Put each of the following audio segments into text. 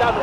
daanu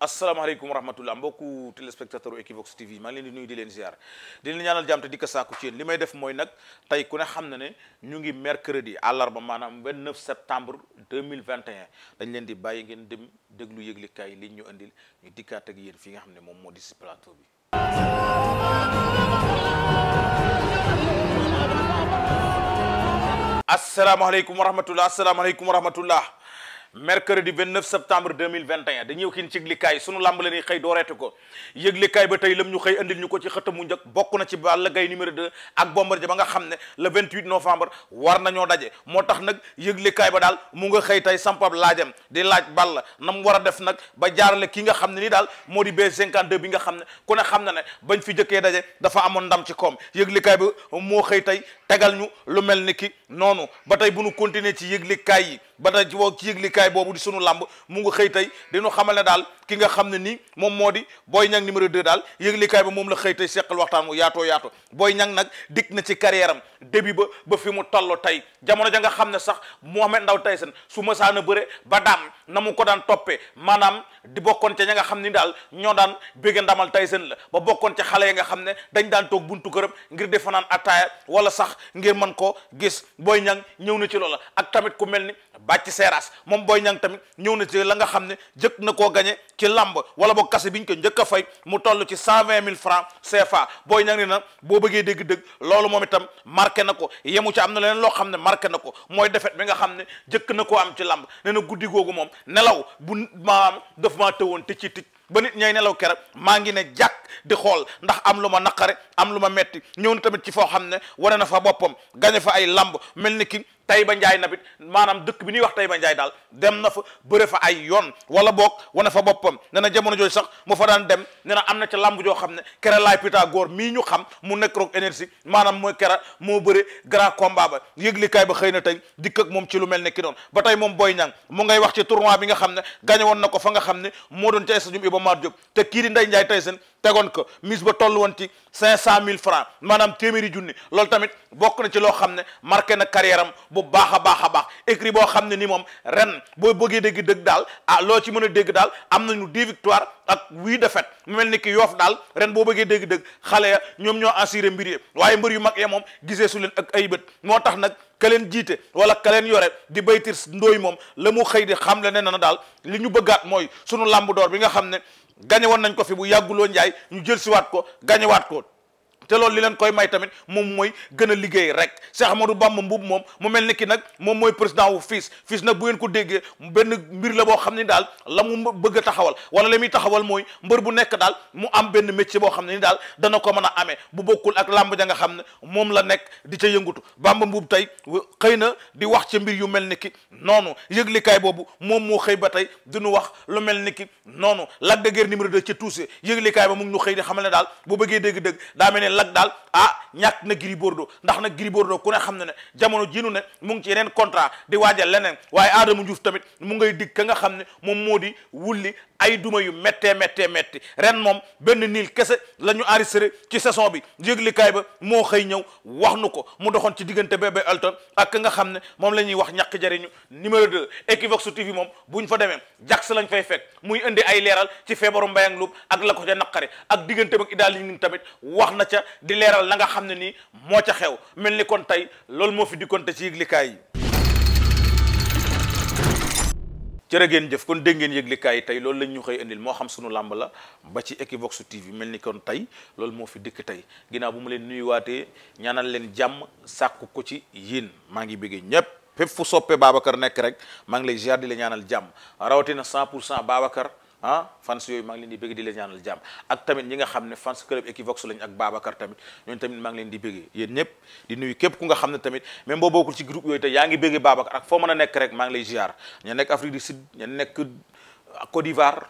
asalaamaaleykum wa rahmatullah mbokku téléspectateur u Equivox TV maa ngi leen di nuyu di leen ziar di leen ñaanal jàmm te di ko saaku ci yéen li may def mooy nag tey ku ne xam na ne ñu ngi mercredi àllarba maanaam 29 septembre 2021 dañ leen di bàyyi ngeen dem déglu yëglikaay liñ ñu andil ñu dikkaat ak yéen fi nga xam ne moom moo di si plateau bi asalaamaaleykum wa rahmatullah mercredi 29 septembre 2021 dañuy kin ci yëglikaay sunu lamb la ñuy xëy dooreete ko yëglikaay ba tey lam ñu xëy andil ñu ko ci xëtamu njëkk bokk na ci Balla Gaye numéro 2 ak Bombardier ba nga xam ne le 28 novembre war nañoo ba daal mu nga war a def nag ba jaarale ki nga xam ne ni daal moo di B52 bi nga xam ne ku ne xam na ne bañ fi jëkkee daje dafa amoon ndam ci koom yëglikaay bi moo xëy tey tegal ñu lu mel ni ki noonu ba tey bu nu continuer ci yëglikaay yi ba tey ci yëglikaay yëglikaay boobu di sunu làmb mu ngi xëy tey dinu xamal ne daal ki nga xam ne nii moom moo di Boy Niang numéro 2 daal yëglikaay ba moom la xëy tey seqal waxtaan mu yaatoo yaato booy Niang nag dikk na ci carrière am début ba ba fi mu toll tey jamono ja nga xam ne sax ndaw tey Tyson su mësaan a bëre ba daam na mu ko daan toppee maanaam di bokkoon ca ña nga xam ni daal ñoo daan bëgg ndamal Tyson la ba bokkoon ca xale yi nga xam ne dañ daan toog buntu këram ngir defa naan attaaya wala sax ngir mën koo gis booy Niang ñëw na ci loola ak tamit ku mel ni bàcc seeraas moom booy Niang tamit ñëw na ci la nga xam ne jëkk na koo gañe ci lamb wala boog kase biñ ko njëkk a fay mu toll ci cent vingt mille francs CFA Boy Niang ni na boo bëggee dégg-dégg loolu moom itam marqué na ko yemu ci am na leneen loo xam ne marqué na ko mooy defet bi nga xam ne jëkk na koo am ci lamb nee na guddi googu moom nelaw bu maam daf maa tëwoon tëcc tëcc ba nit ñay nelaw keroog maa ngi ne jàkk di xool ndax am lu ma naqare am lu ma metti ñëw na tamit ci foo xam ne wane na fa boppam gañe fa ay lamb mel ni ki Tayba Njaay nabit maanaam dëkk bi ñuy wax Tayba Njaay daal dem na fa bëre fa ay yoon wala boog wane fa boppam ne jamono jooju sax mu fa daan dem ne na am na ci lamb joo xam ne kere laay Pythagore mii ñu xam mu nekk roog énergie maanaam mooy kera moo bëre grand combat ba yëglikaay ba xëy na tey dikk ak moom ci lu mel ne ki noonu ba tey moom Boy Niang mu ngay wax ci tournoi bi nga xam ne gañe na ko fa nga xam ne moo doon ca stade Iba Mar Diop te kii di Ndeye Ndiaye Tyson tegoon ko mise ba toll woon ci cinq cent mille francs maanaam téeméeri junni loolu tamit bokk na ci loo xam ne marqué na carrière am bu baax a baax a baax écrit boo xam ne ni moom ren boo bëggee dégg dëgg daal ah loo ci mën a dégg daal am nañu dix victoires ak wii defet mu mel ni ki yoof daal ren boo bëggee dégg dëgg xale ya ñoom ñoo assuré mbir yi waaye mbër yu mag ya moom gisee su leen ak ay bët moo tax nag ka jiite wala ka leen yore di baytir ndooy moom la mu xëy di xam le ne na daal li ñu bëggaat mooy sunu làmb door bi nga xam ne gañe nañ ko fi bu yàgguloo njaay ñu jëlsiwaat ko gañewaat ko te loolu li leen koy may tamit moom mooy gën a liggéey rek Cheikh Ahmadou Bamba Mbuub moom mu mel ni ki nag moom mooy président wu FILS fiis nag bu ngeen ko déggee benn mbir la boo xam ne daal la mu bëgg a taxawal wala li muy taxawal mooy mbër bu nekk daal mu am benn métier boo xam ne ni daal dana ko mën a amee bu bokkul ak làmb ja nga xam ne moom la nekk di ca yëngutu bàmba Mbuub tey xëy na di wax ci mbir yu mel ni ki noonu yëglikaay boobu moom moo xëy ba tey du ñu wax lu mel ni ki noonu Lac de Guiers numéro 2 ci tuuse yëglikaay ba mu ngi ñu xëy di xamal ne daal boo lag daal ah ñàkk na Gris Bordeaux ndax nag Gris Bordeaux ku ne xam ne ne jamono jiinu ne mu ngi ci yeneen contrat di waajal leneen waaye Adama Diouf tamit mu ngay dig ka nga xam ne moom moo di wulli ay duma yu méttee méttee métti ren moom benn niil kese la ñu enregistré ci saison bi yëglikaay ba moo xëy ñëw wax nu ko mu doxoon ci diggante bébé Elton ak nga xam ne moom la ñuy wax ñàkk jariñu numéro 2 Equivox TV moom bu ñu fa demee jax lañ fay fekk muy indi ay leeral ci feebaru mbayang luub ak la ko ca naqari ak diggante ba idaal yi tamit wax na ca di leeral la xam xam ne ni moo ca xew mel ni kon tey loolu moo fi dikkoonte ci yëglikaay yi jërë ngeen jëf kon dégg ngeen yëglikaay yi tey loolu lañ ñu xëy indil moo xam sunu làmb la ba ci Equivox TV mel ni kon tey loolu moo fi dikk tey ginnaaw bu ma leen nuyuwaatee ñaanal leen jàmm sàkku ko ci yiin maa ngi bëggee ñëpp fépp fu soppe Babacar nekk rek maa ngi lay ziar di la ñaanal jàmm rawatina 100 pour cent Babacar ah fans yooyu maa ngi leen di bëgg di leen ñaanal jàmm ak tamit ñi nga xam ne fans club Equivox lañ ak Babacar tamit ñooñu tamit maa ngi leen di bëgg yéen ñëpp di nuyu képp ku nga xam ne tamit même boo bokkul ci groupe yooyu te yaa ngi bëgg Babacar ak foo mën nekk rek maa ngi lay ziar ña nekk Afrique du Sud ña nekk Côte d'Ivoire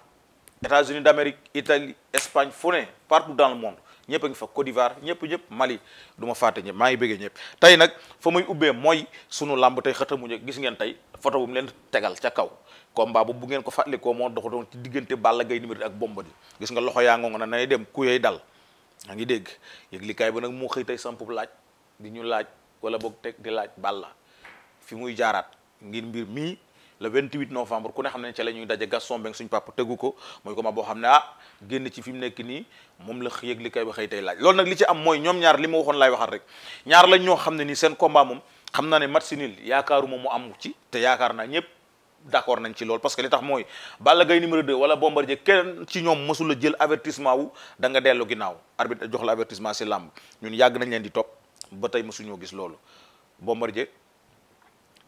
États-Unis d'Amérique Italie Espagne fu ne partout dans le monde ñëpp a ngi fa Côte d'Ivoire ñëpp ñëpp Mali du ma fàtte ñëpp maa ngi bëggee ñëpp tey nag fa muy ubbee mooy sunu làmb tey xëta mu gis ngeen tey photo bu mu leen tegal ca kaw combat bu bu ngeen ko fàttalikoo moo dox doon ci diggante Balla gay numéro ak Bombardier gis nga loxo yaa ngoonga na nay dem ku yooyu dal maa ngi dégg yëg likaay ba nag moo xëy tey samp laaj di ñu laaj wala boog teg di laaj Balla fi muy jaaraat ngir mbir mii le 28 novembre ku ne xam ne ca la ñuy daje Gaston Mbengue suñu papa tëggu ko mooy combat boo xam ne ah génn ci fi mu nekk nii moom la xëy li kay waxee tey laaj loolu nag li ci am mooy ñoom ñaar li ma waxoon laay waxaat rek ñaar lañ ñoo xam ne nii seen combat moom xam naa ne match nul yaakaaruma mu am ci te yaakaar naa ñëpp d'accord nañ ci lool parce que li tax mooy Balla Gaye numéro 2 wala Bombardier kenn ci ñoom mësul a jël avertissement wu da nga dellu ginnaaw arbitre jox la avertissement si làmb ñun yàgg nañ leen di ba tey mësuñoo gis loolu Bombardier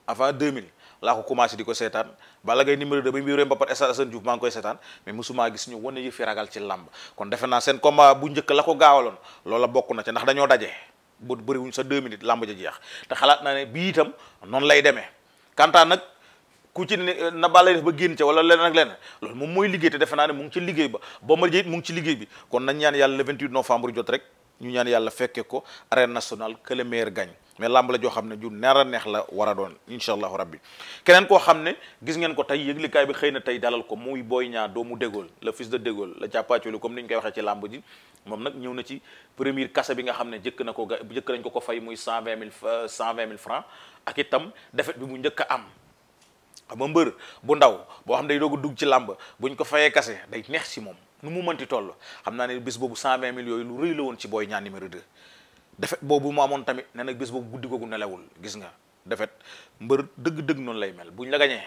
avant 2000 laa ko commencé di ko seetaan Balla Gaye numéro 2 ba mu yore Mbapat Stade Assane ragal ci làmb kon defe naa seen combat bu njëkk la ko gaawaloon loola bokk na ci ndax dañoo daje ba bëriwuñ sa deux minutes làmb jeex te xalaat naa ne bii itam noonu lay demee kantaan nag ku ci ne na Balla def ba génn ca wala leneen leneen loolu moom mooy liggéey te defe naa ne mu ngi ci liggéey ba ba ma jëyit mu ngi ci liggéey bi kon nañ ñaan yàlla le 28 novembre jot rek ñu ñaan yàlla fekke ko arène national que le meilleur mais làmb la joo xam ne ju nar a neex la war a doon incha allahu rabbi keneen koo xam ne gis ngeen ko tey yëglikaay bi xëy na tey dalal ko muy Boy ñaa doomu De Gaulle le fils de De Gaulle la càppaacoli comme ni ñu koy waxee ci làmb ji moom nag ñëw na ci premier kase bi nga xam ne jëkk na ko ga jëkk nañ ko ko fay muy cent vingt mille euh, cent vingt mille francs ak itam defet bi mu njëkk a am ama mbër bu ndaw boo xam day doog dugg ci làmb bu buñ ko fayee kase day neex si moom nu mu mënti toll xam naa ne bis boobu yooyu woon ci Boy Niang numéro 2 defet boobu mu amoon tamit nee na bés boobu guddi googu nelawul gis nga defet mbër dëgg-dëgg noonu lay mel buñ la gañee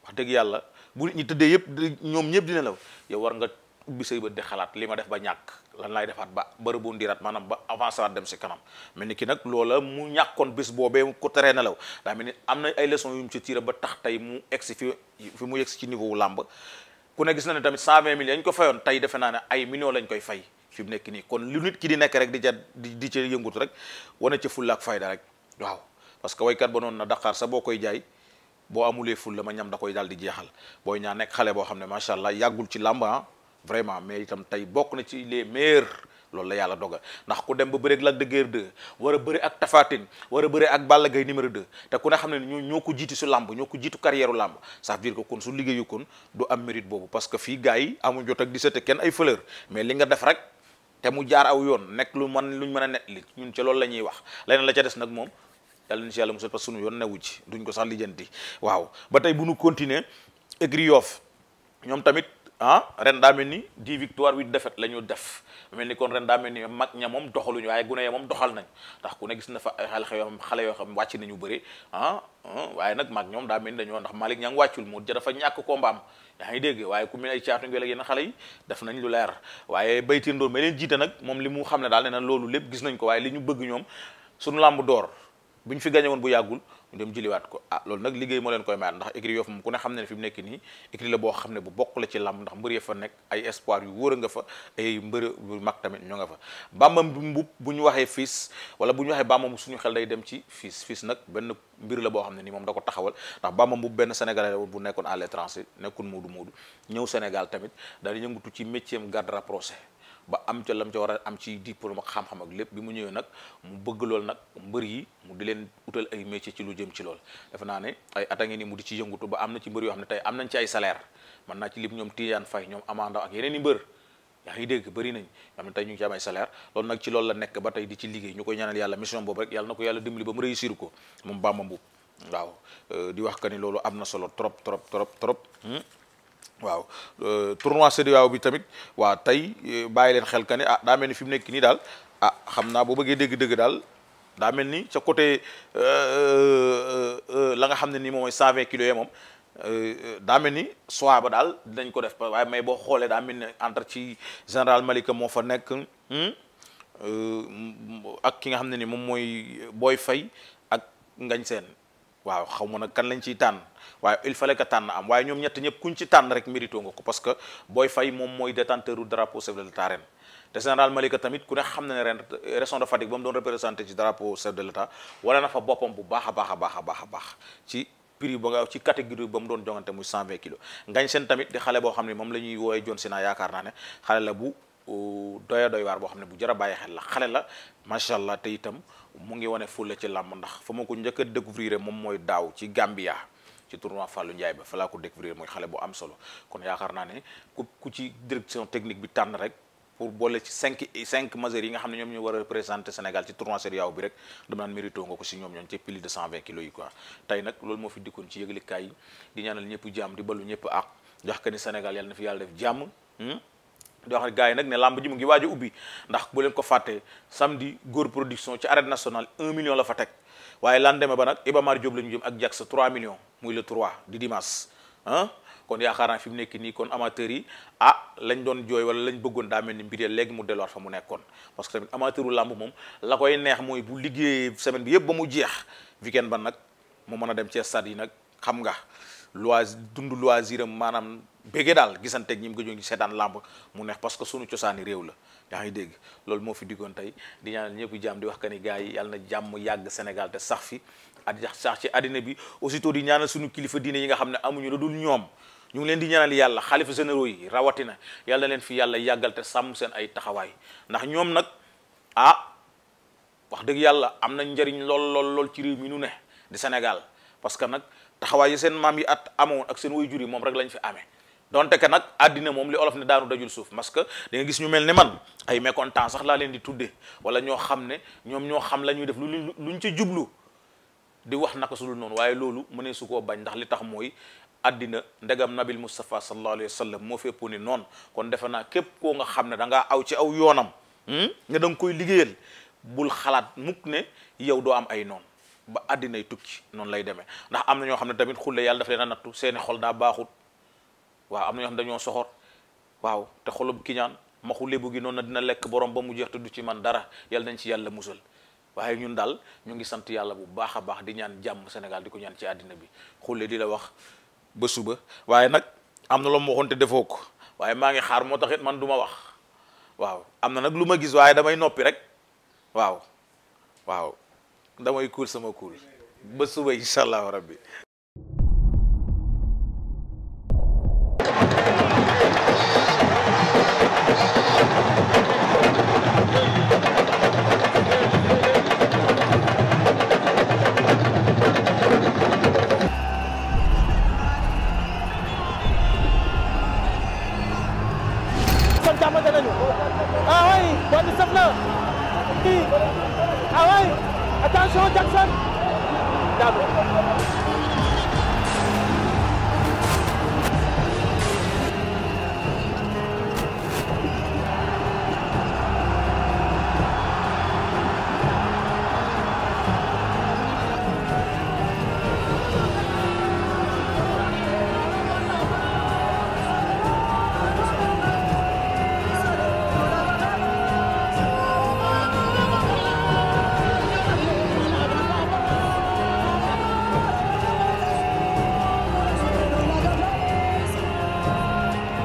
wax dëgg yàlla bu nit ñi tëddee yëpp ñoom ñëpp di nelaw yow war nga ubbi say bët di xalaat li ma def ba ñàkk lan laay defaat ba bërëbu ndiiraat maanaam ba avancé waat dem si kanam mel ni ki nag loola mu ñàkkoon bis boobee ko teree nelaw daa mel ni am na ay leçons yu ci tiré ba tax tey mu egsi fi fi mu egsi ci niveau làmb ku ne gis na ne tamit cent vingt millions ko fayoon tey defe naa ne ay millions lañ koy fay fi mu nekk nii kon lu nit ki di nekk rek di ca di ca yëngut rek wane ca fulla ak fayda rek waaw parce que waykat ba noonu na daqaar sa boo koy jaay boo amulee fulla ma ñam da koy daal di jeexal boo ñaa nekk xale boo xam ne macha allah yàggul ci làmba ah, vraiment mais itam tey bokk na ci les meilleurs loolu la yàlla doga ndax ku dem ba bëri ak Lac de Guiers wara war a bëri ak Tapha Tine war a bëri ak Balla Gaye numéro 2 te ku ne xam ne ñu ñoo ko jiitu su làmb ñoo ko jiitu carrière u làmb ça veut dire kon su liggéeyu kon du am mérite boobu parce que fii gars yi amuñ jot ak di kenn ay fleur mais li nga def rek te mu jaar aw yoon nekk lu man luñ mën a net li ñun ca loolu la ñuy wax leneen la ca des nag moom yàlla na ci yàlla musal parce sunu yoon newu ci duñ ko sax lijjanti waaw ba tey bu nu continuer écurie Yoff ñoom tamit ah ren daa mel ni dix victoire huit defet la ñu def mel ni kon ren daa mel ni mag ña moom doxaluñu waaye gune ya moom doxal nañ ndax ku ne gis na fa ay xale yoo xam xale yoo xam wàcc nañu bëri ah, ah waaye nag mag ñoom daa mel ni dañoo ndax Malick ña ngi wàccul moo ja dafa ñàkk kombaam yaa ngi dégg waaye ku mel ay caatu ngel ak yenn def nañ lu leer waaye baytin doon ma jiite nag moom li mu xam ne daal nee na loolu lépp gis nañ ko waaye li ñu bëgg ñoom suñu làmb door bu fi gañe bu yàggul ñu dem jëliwaat ko ah loolu nag liggéey moo leen koy mayaat ndax écurie Yoff moom ku ne xam ne ne fi nekk nii écurie la boo xam ne bu bokk la ci làmb ndax mbër a nga fa ay mbër yu bu ñu waxee fiis wala bu ñu waxee bàmbam suñu xel day dem ci fiis fiis nag benn mbir la boo xam ne nii moom da ko taxawal ndax bàmbam mbub benn sénégalais bu nekkoon à l'étranger nekkoon moodu moodu ñëw Sénégal tamit yëngatu ci métier am garde rapproché ba am ca lam ca war a am ci xam-xam ak lépp bi mu ñëwee nag mu bëgg loolu nag mbër yi mu di leen utal ay métier ci lu jëm ci lool defe naa ne ay at a ngi ni mu di ci yëngutu ba am na ci mbër yoo xam ne tey am nañ ci ay salaire man naa ci lim ñoom Tidiane Faye ñoom Amanda ak yeneen i mbër yaa ngi dégg bëri nañ xam ngi tey ñu koy ñaanal yàlla mission boobu rek yàlla na ko yàlla dimbali ba mu réussir ko moom Bamba Mboup waaw euh, di wax que ni loolu am na solo trop trop trop trop hmm? waaw euh, tournoi CEDEAO bi tamit waa tey euh, bàyyi leen xel que ni ah daa mel ni fi nekk nii daal ah daa mel ni ca côté euh, euh, euh, la nga xam ne nii moom mooy cent vingt kilos daa mel ni soit ba daal dinañ ko def waaye mais boo xoolee daa mel ni entre ci général Malika moo fa nekk hmm? ak ki nga xam ne ni moom mooy Boy Faye ak Ngañ Seen waaw xaw ma nag kan lañ ciy tànn waaye il fallait que tànn am waaye ñett ñëpp kuñ ci tànn rek mérito nga ko parce que Boy Faye moom mooy détenteuru drapeau chef de te général Malika tamit ku ne xam na ne ren région de Fatick ba mu doon représenté ci drapeau chef de l'État wala na fa boppam bu baax a baax a baax a baax a baax ci prix ba nga ci catégorie ba mu doon jongante muy 120 kilos ngañ seen tamit di xale boo xam ne moom la ñuy woowee John Sina yaakaar naa ne xale la bu doya doy waar boo xam ne bu jar a bàyyi xel la xale la macha allah te itam mu ngi wane la ci làmb ndax fa ma ko njëkk a découvrir moom mooy daaw ci Gambia ci tournoi Fallou Ndiaye ba falaa laa ko découvrir mooy xale bu am solo kon yaakaar naa ne ku ku ci direction technique bi tànn rek pour boole ci cinq cinq majeurs yi nga xam ne ñoom ñu war a représenter Sénégal ci tournoi CEDEAO bi rek dama naan mérito nga ko si ñoom ñoom ci plus de cent vingt kilos yi quoi tey nag loolu moo fi dikkoon ci yëglikaay yi di ñaanal ñëpp jàmm di balu ñëpp ak jox na fi yàlla def jàmm hmm? nag ne làmb ji ngi waaj a ubbi ndax bu leen ko fàttee samedi góor production ci arène nationale 1 million la fa teg waaye lendemain ba nag Iba Mar Diop jëm ak Jax 3 millions muy le 3 kon yaakaar naa fi mu nekk nii kon amateurs yi ah lañ doon jooy wala lañ bëggoon daa mel ni mbir léegi mu delluwaat fa mu nekkoon parce que tamit amateuru làmb moom la koy neex mooy bu liggéey semaine bi yëpp ba mu jeex weekend ba nag mu mën a dem ci stade yi nag xam nga loisir dund loisir am maanaam bége daal gisante ak ñi mu gëjoon gi seetaan làmb mu neex parce que sunu cosaani réew la yaa ngi dégg loolu moo fi diggoon tey di ñaanal ñëpp jàmm di wax que ni gars yi yàlla na jàmm yàgg Sénégal te sax fi at sax ci àddina bi aussitôt di ñaanal sunu kilifa diine yi nga xam ne amuñu lu dul ñoom ñu ngi leen di ñaanal yàlla xalifa généraux yi rawatina yàlla leen fi yàlla yàggal te sàmm seen ay taxawaay ndax ñoom nag ah wax dëgg yàlla am na njariñ lool lool lool ci réew mi nu ne di Sénégal parce que nag taxawaay yi seen maam yi at amoon ak seen jur yi moom rek lañ fi amee donte que nag àddina moom li olof ne daanu dajul suuf parce que da gis ñu mel ni man ay mécontent sax laa leen di tuddee wala ñoo xam ne ñoom ñoo xam la ñuy def lu lu ñu ci jublu di wax naka su noonu waaye loolu mënee su koo bañ ndax li tax mooy addina ndegam nabil Moustapha sallallahu alayhi wa sallam moo féppoo ni noonu kon defe naa képp koo nga xam ne da ngaa aw ci aw yoonam hmm, nga danga koy liggéeyal bul xalaat mukk ne yow doo am ay noonu ba addinay tukki noonu lay demee ndax am na ñoo xam ne tamit xulle yàlla daf leen a nattu seeni xol daa baaxut waaw am na ñoo xam ne dañoo soxor waaw te xolub kiñaan maxu lébu gi noonu na dina lekk borom ba mu jeex te du ci man dara yàlla nañ ci yàlla musal waaye ñun daal ñu ngi sant yàlla bu baax a baax di ñaan jàmm Sénégal di ko ñaan ci àddina bi di la wax ba suba waaye nag am na loo ma waxoon defoo ko waaye maa ngi xaar moo tax it man du ma wax waaw am na nag lu ma gis waaye damay noppi rek waaw waaw damay kuul sama kuul ba suba incha allahu rabbi Thiago.